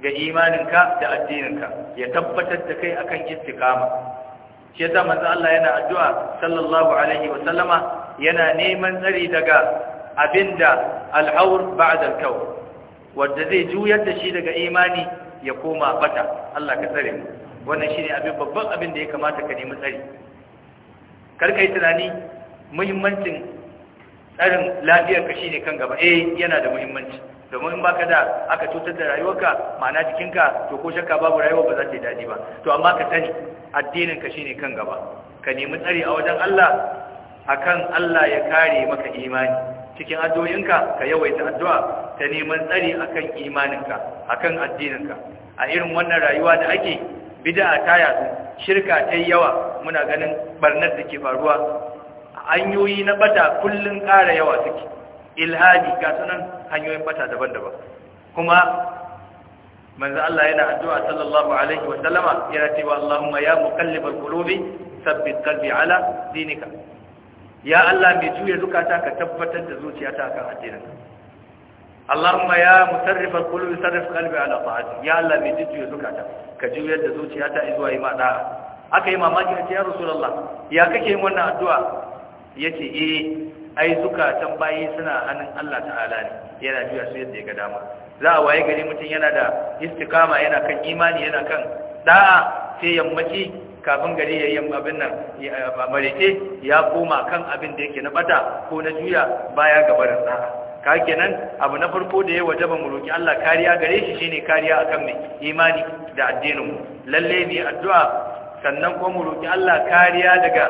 da imaninka da addininka ya tabbatar da kai akan istiqama shi yasa manzo Allah yana addu'a sallallahu alaihi wa sallama yana neman tsari daga abinda al-awr ba'da al wanda zai juyar da shi daga imani ya koma bata Allah ka tsare mu wannan shine abin babban abin da ya kamata ka nemi tsari kar yi tunani muhimmancin tsarin lafiyarka shine kan gaba eh yana da muhimmanci domin ba ka da aka cutar da rayuwarka ma'ana jikinka to ko shakka babu rayuwa ba za ta yi daɗi ba to amma ka sani addinin ka shine kan gaba ka nemi tsari a wajen Allah akan Allah ya kare maka imani cikin addu'o'inka ka yawaita addu'a ta neman tsari akan imaninka akan addininka a irin wannan rayuwa da ake bid'a ta yatsu shirka ta yawa muna ganin barnar da ke faruwa hanyoyi na bata kullun ƙara yawa suke ilhadi ga sunan hanyoyin bata daban-daban kuma manzo Allah yana addu'a sallallahu alaihi wa sallama yana cewa Allahumma ya muqallibal qulubi thabbit qalbi ala dinika ya Allah mai juya zukata ka tabbatar da zuciyata akan addininka Allahumma ya musarrifal qulubi sarrif qalbi ala ta'ati ya Allah mai juya zukata ka juyar da zuciyata zuwa ima da'a aka yi mamaki ce ya rasulullah ya kake yin wannan addu'a yace eh ai zukatan bayi suna hannun Allah ta'ala ne yana juya su yadda ya ga dama za a waye gari mutum yana da istikama yana kan imani yana kan da'a sai yammaci kafin gari ya yamma abin nan mareke ya koma kan abin da yake na bata ko na juya baya ga barin da'a ka kenan abu na farko da ya wajaba mu roki Allah kariya gare shi shine kariya akan mai imani da addinin mu lalle ne addu'a sannan kuma mu roki Allah kariya daga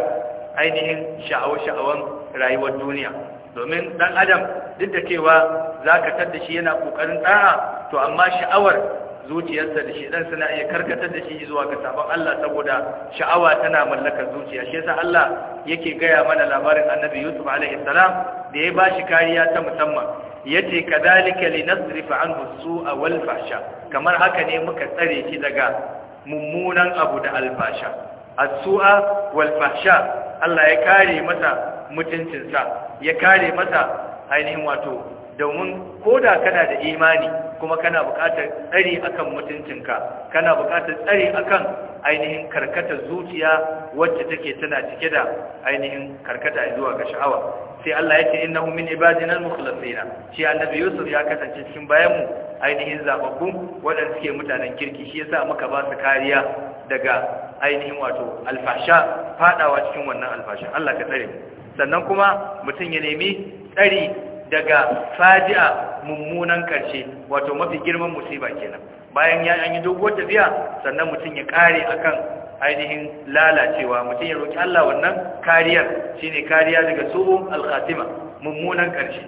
ainihin sha'awa sha'awan rayuwar duniya domin dan adam duk da cewa ka tada shi yana kokarin tsara to amma sha'awar zuciyarsa da shi dan suna iya karkatar da shi zuwa ga sabon Allah saboda sha'awa tana mallakar zuciya shi yasa Allah yake gaya mana labarin Annabi Yusuf alaihi salam da ya ba shi kariya ta musamman yace kadhalika linasrifa anhu su'a wal fahsha kamar haka ne muka tsare shi daga mummunan abu da albasha. as-su'a wal fahsha Allah ya kare masa mutuncinsa ya kare masa ainihin wato domin koda kana da imani kuma kana buƙatar tsari akan mutuncinka kana buƙatar tsari akan ainihin karkatar zuciya wacce take tana cike da ainihin karkata zuwa ga sha'awa sai Allah ya ce innahu min ibadina al shi annabi Yusuf ya kasance cikin bayanmu ainihin zababbun waɗanda suke mutanen kirki shi yasa muka ba su kariya daga ainihin wato alfasha fadawa cikin wannan alfasha Allah ka tsare mu sannan kuma mutum ya nemi tsari daga faji'a mummunan karshe wato mafi girman musiba kenan bayan ya yi doguwar tafiya sannan mutum ya kare akan ainihin lalacewa mutum ya roki Allah wannan kariyar shine kariya daga su'u al-khatima mummunan karshe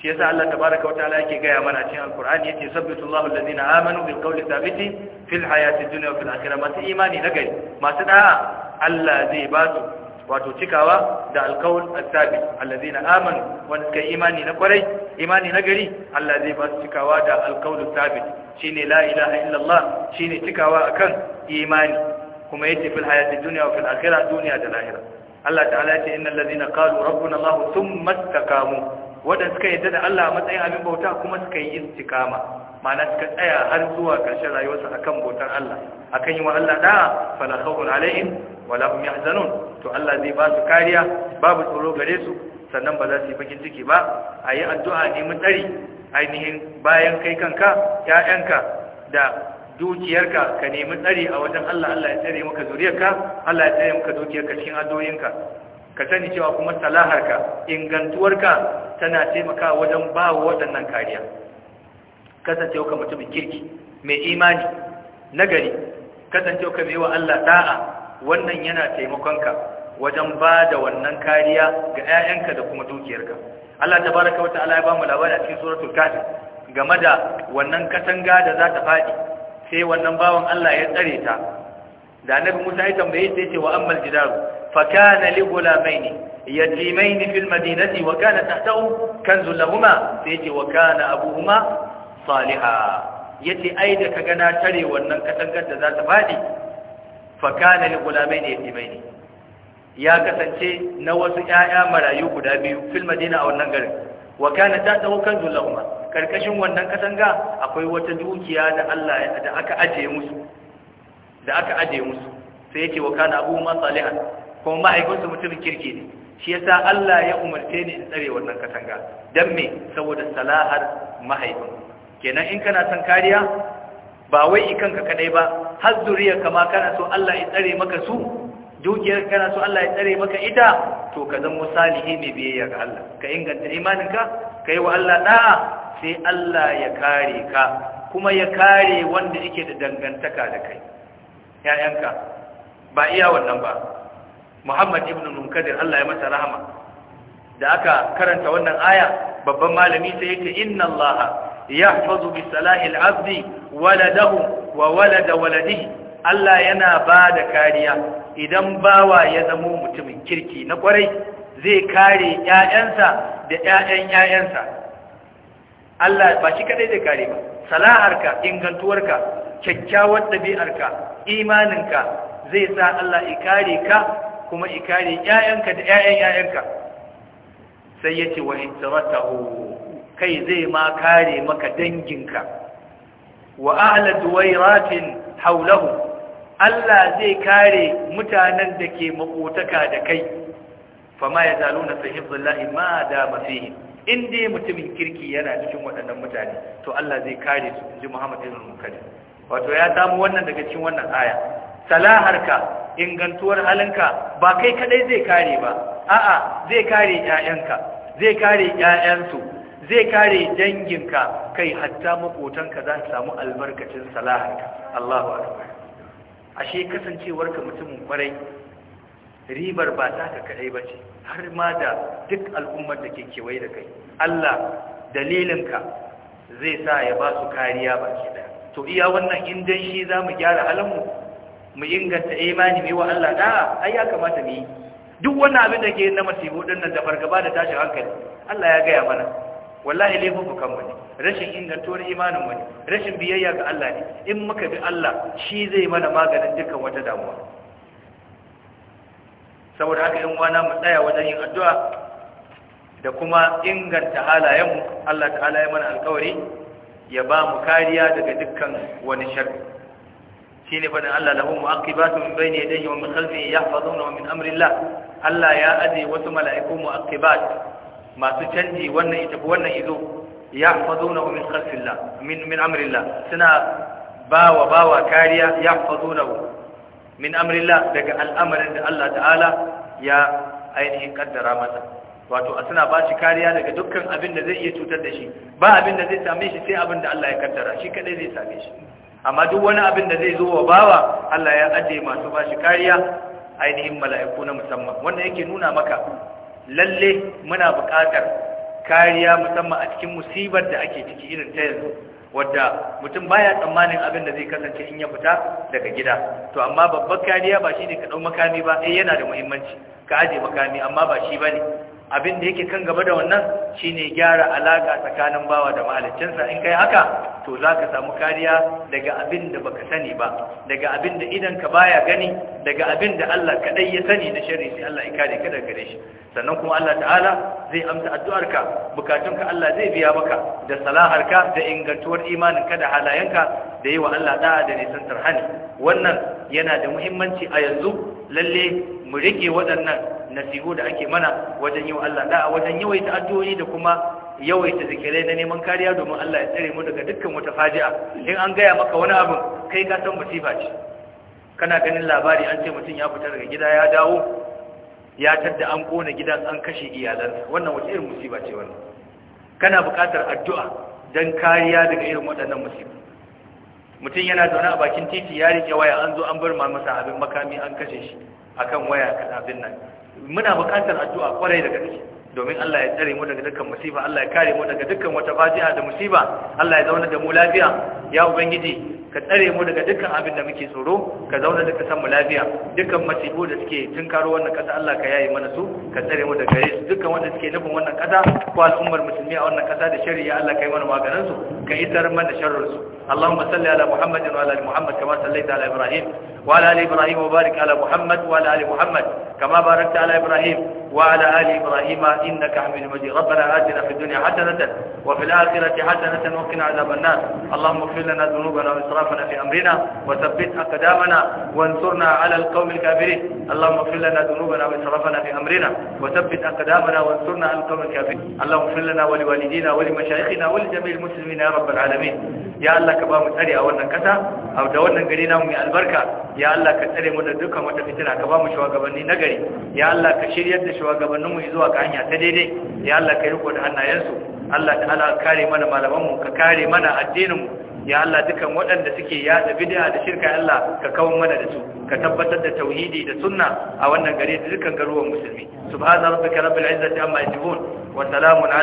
shi yasa Allah tabaaraka wa yake gaya mana cikin alqur'ani yace sabbitu Allahu alladhina amanu bil qawli thabiti fil hayati dunya wa fil akhirah masu imani na gari masu da'a Allah zai ba su wato cikawa da alkaul asabi allazina amanu wanda suka imani na kwarai imani na gari Allah zai ba su cikawa da alkaul sabit shine la ilaha illallah shine cikawa akan imani kuma yace fil hayati dunya wa fil akhirah duniya da lahira Allah ta'ala ya yace innal ladina qalu rabbuna Allah thumma istaqamu wanda suka yadda da Allah a matsayin abin bauta kuma suka yi istiqama ma'ana suka tsaya har zuwa ƙarshen rayuwarsu akan bautar Allah akan yi wa Allah da'a fala khawfun alaihim wala hum yahzanun to Allah zai ba su kariya babu tsoro gare su sannan ba za su yi bakin ciki ba a yi addu'a neman tsari ainihin bayan kai kanka ‘ya'yanka da dukiyarka ka nemi tsari a wajen Allah Allah ya tsare maka zuriyarka Allah ya tsare maka dukiyarka cikin addu'oyinka ka sani cewa kuma salaharka ingantuwarka tana taimakawa wajen ba wa waɗannan kariya kasancewa ka mutumin kirki mai imani nagari kasancewa ka mai wa Allah da'a wannan yana taimakonka wajen ba da wannan kariya ga 'ya'yanka da kuma dukiyarka Allah tabaraka wa ta'ala ya ba mu labari a cikin suratul kafir game da wannan katanga da za ta faɗi sai wannan bawan Allah ya tsare ta da annabi Musa ya tambaye sai ce wa ammal jidaru fa kana li gulamaini yatimaini fil madinati wa kana tahtahu kanzun lahumā sai ce wa kana abuhuma salihah yace ai da kaga na tare wannan katangar da za ta faɗi fakana li gulamain ne. ya kasance na wasu ƴaƴa marayu guda biyu fil madina a wannan garin wa kana ta dawo kan umar. karkashin wannan katanga akwai wata dukiya da Allah da aka aje musu da aka aje musu sai yake wa kana abu ma salihan kuma ma'aikunsa mutumin kirki ne shi yasa Allah ya umarce ni in tsare wannan katanga dan me saboda salahar mahaifin kenan in kana son kariya ba wai ikanka kadai ba har zuriyar kama kana so Allah ya tsare maka su dukiyar kana so Allah ya tsare maka ita to ka zama salihi mai biyayya ga Allah ka inganta imaninka ka yi wa Allah da'a sai Allah ya kare ka kuma ya kare wanda yake da dangantaka da kai ƴaƴanka ba iya wannan ba Muhammad ibn Munkadir Allah ya masa rahama da aka karanta wannan aya babban malami sai yake inna allaha yahfazu bi salahil abdi waladahu wa walada waladihi Allah yana ba da kariya idan bawa ya zamo mutumin kirki na kwarai zai kare ‘ya'yansa da ‘ya'yan ‘ya'yansa. Allah ba shi kaɗai da kare ba, salaharka, ingantuwarka, kyakkyawar ɗabi'arka, imaninka zai sa Allah kare ka kuma kare ‘ya'yanka da ‘ya'yan ‘ya'yanka. sai ya ce wa intaratahu kai zai ma kare maka danginka wa ahla duwairatin haulahu Allah zai kare mutanen da ke makotaka da kai fama ya zaluna fi hifzillahi ma da mafihi in dai mutumin kirki yana cikin waɗannan mutane to Allah zai kare su inji Muhammad ibn Mukaddim wato ya samu wannan daga cikin wannan aya salaharka ingantuwar halinka ba kai kadai zai kare ba a'a zai kare 'ya'yanka zai kare 'ya'yansu zai kare danginka kai hatta makotanka za su samu albarkacin salahanka Allahu akbar ashe kasancewarka mutumin kwarai ribar ba ta ka kadai bace har ma da duk al'ummar da ke kewaye da kai Allah dalilinka zai sa ya ba su kariya baki daya to iya wannan in dan shi zamu gyara halanmu mu inganta imani mai wa Allah da ai ya kamata mu yi duk wannan abin da ke yin na masibo ɗin nan da fargaba da tashin hankali Allah ya gaya mana wallahi laifukan mu ne rashin ingantuwar imanin mu ne rashin biyayya ga Allah ne in muka bi Allah shi zai mana maganin dukkan wata damuwa saboda haka in wana mu tsaya wajen yin addu'a da kuma inganta halayenmu Allah ta'ala ya mana alƙawari ya ba mu kariya daga dukkan wani sharri shine fadin Allah lahu mu'aqibatu min bayni yadayhi wa min khalfihi yahfazunahu min amri Allah Allah ya aje wasu mala'iku mu'aqibat masu canji wannan ita wannan izo yahfazunahu min khalfi Allah min min amri Allah suna bawa bawa kariya yahfazunahu min amri Allah daga al'amarin da Allah ta'ala ya ainihin kaddara masa wato a suna ba shi kariya daga dukkan abin da zai iya cutar da shi ba abin da zai same shi sai abin da Allah ya kaddara shi kadai zai same shi amma duk wani abin da zai zo wa bawa Allah ya ajiye masu bashi kariya ainihin mala'iku na musamman wanda yake nuna maka lalle muna buƙatar kariya musamman a cikin musibar da ake ciki irin ta yanzu wadda mutum baya tsammanin abin da zai kasance in ya fita daga gida to amma babbar kariya ba shi ne ka dau makami ba eh yana da muhimmanci ka aje makami amma ba shi bane abin da yake kan gaba da wannan shine gyara alaka tsakanin bawa da mahaliccinsa in kai haka to za ka samu kariya daga abin da baka sani ba daga abin da idan ka baya gani daga abin da Allah kadai ya sani na sharri sai Allah ya kare ka daga gare shi sannan kuma Allah ta'ala zai amsa addu'arka bukatunka Allah zai biya maka da salaharka da ingantuwar imaninka da halayenka da yi wa Allah da'a da nisan tarhani. wannan yana da muhimmanci a yanzu lalle mu rike waɗannan nasihu da ake mana wajen yi wa Allah da'a wajen yawaita addu'o'i da kuma yawaita zikirai na neman kariya domin Allah ya tsare mu daga dukkan wata faji'a in an gaya maka wani abu kai ka san musiba ce kana ganin labari an ce mutum ya fita daga gida ya dawo ya tadda an kona gidan an kashe iyalansa wannan wata irin musiba ce wannan kana buƙatar addu'a don kariya daga irin waɗannan musibu mutum yana zaune a bakin titi ya rike waya an zo an bar ma masa abin makami an kashe shi akan waya kan abin nan muna bukatar addu'a kwarai daga gaske domin Allah ya tsare mu daga dukkan musiba Allah ya kare mu daga dukkan wata faji'a da musiba Allah ya zauna da mu lafiya ya ubangiji ka tsare mu daga dukkan abin da muke tsoro ka zauna duka kasan mu lafiya dukkan masifu da suke tunkaro wannan kasa Allah ka yaye mana su ka tsare mu daga gare su dukkan wanda suke nufin wannan kasa ko al'ummar musulmi a wannan kasa da shari'a Allah ka yi mana maganin su ka isar mana sharrin su Allahumma salli ala Muhammadin wa ala ali Muhammad kama sallaita ala Ibrahim wa ala ali Ibrahim wa barik ala Muhammad wa ala ali Muhammad kama barakta ala Ibrahim وعلى آل إبراهيم إنك حميد مجيد ربنا آتنا في الدنيا حسنة وفي الآخرة حسنة وقنا عذاب النار اللهم اغفر لنا ذنوبنا وإسرافنا في أمرنا وثبت أقدامنا وانصرنا على القوم الكافرين اللهم اغفر لنا ذنوبنا وإسرافنا في أمرنا وثبت أقدامنا وانصرنا على القوم الكافرين اللهم اغفر لنا ولوالدينا ولمشايخنا ولجميع المسلمين يا رب العالمين يا الله كبا متري أو النكسة أو دورنا قرينا من البركة يا الله كتري مددك وتفتنا كبا مشوى قبلني نقري يا الله كشير يدش shugabanninmu zuwa ga hanya ta daidai ya Allah ka riko da hannayensu Allah ta'ala ka kare mana malamanmu ka kare mana addininmu ya Allah dukan waɗanda suke yada bid'a da shirka Allah ka kawo mana da su ka tabbatar da tauhidi da sunna a wannan gare da dukan garuwan musulmi subhana rabbika rabbil izzati amma yasifun wa salamun